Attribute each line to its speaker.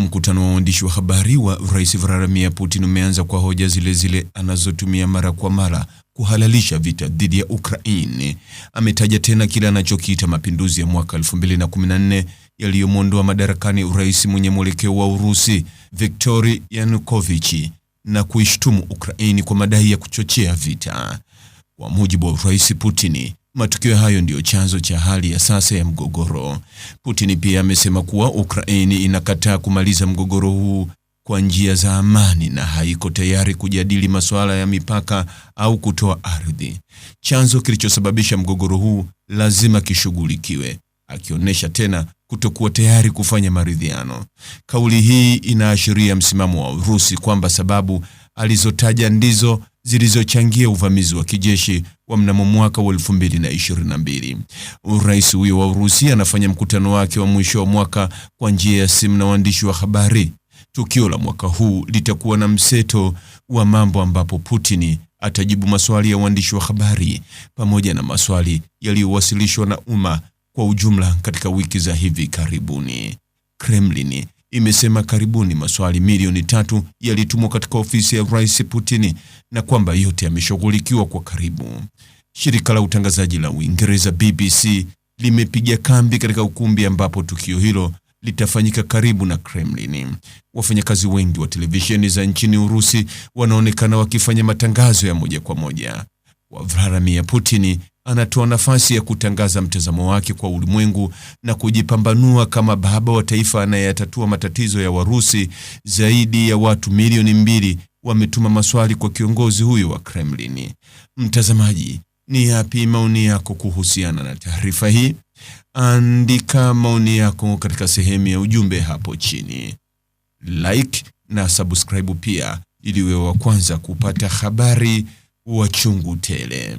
Speaker 1: Mkutano wa waandishi wa habari wa Rais Vladimir Putin umeanza kwa hoja zile zile anazotumia mara kwa mara kuhalalisha vita dhidi ya Ukraine. Ametaja tena kile anachokiita mapinduzi ya mwaka 2014 yaliyomwondoa madarakani rais mwenye mwelekeo wa Urusi, Viktor Yanukovych na kuishtumu Ukraini kwa madai ya kuchochea vita. Kwa mujibu wa Rais Putin, Matukio hayo ndiyo chanzo cha hali ya sasa ya mgogoro. Putin pia amesema kuwa Ukraini inakataa kumaliza mgogoro huu kwa njia za amani na haiko tayari kujadili masuala ya mipaka au kutoa ardhi. Chanzo kilichosababisha mgogoro huu lazima kishughulikiwe, akionyesha tena kutokuwa tayari kufanya maridhiano. Kauli hii inaashiria msimamo wa Urusi kwamba sababu alizotaja ndizo zilizochangia uvamizi wa kijeshi wa mnamo mwaka wa 2022. Rais huyo wa Urusi anafanya mkutano wake wa mwisho wa mwaka kwa njia ya simu na waandishi wa habari. Tukio la mwaka huu litakuwa na mseto wa mambo ambapo Putin atajibu maswali ya waandishi wa habari pamoja na maswali yaliyowasilishwa na umma kwa ujumla katika wiki za hivi karibuni. Kremlin imesema karibuni maswali milioni tatu yalitumwa katika ofisi ya Rais Putin na kwamba yote yameshughulikiwa kwa karibu. Shirika la utangazaji la Uingereza BBC limepiga kambi katika ukumbi ambapo tukio hilo litafanyika karibu na Kremlin. Wafanyakazi wengi wa televisheni za nchini Urusi wanaonekana wakifanya matangazo ya moja kwa moja. Vladimir Putin anatoa nafasi ya kutangaza mtazamo wake kwa ulimwengu na kujipambanua kama baba wa taifa anayetatua matatizo ya Warusi. Zaidi ya watu milioni mbili wametuma maswali kwa kiongozi huyo wa Kremlin. Mtazamaji, ni yapi maoni yako kuhusiana na taarifa hii? Andika maoni yako katika sehemu ya ujumbe hapo chini, like na subscribe pia, ili wewe wa kwanza kupata habari wa chungu tele.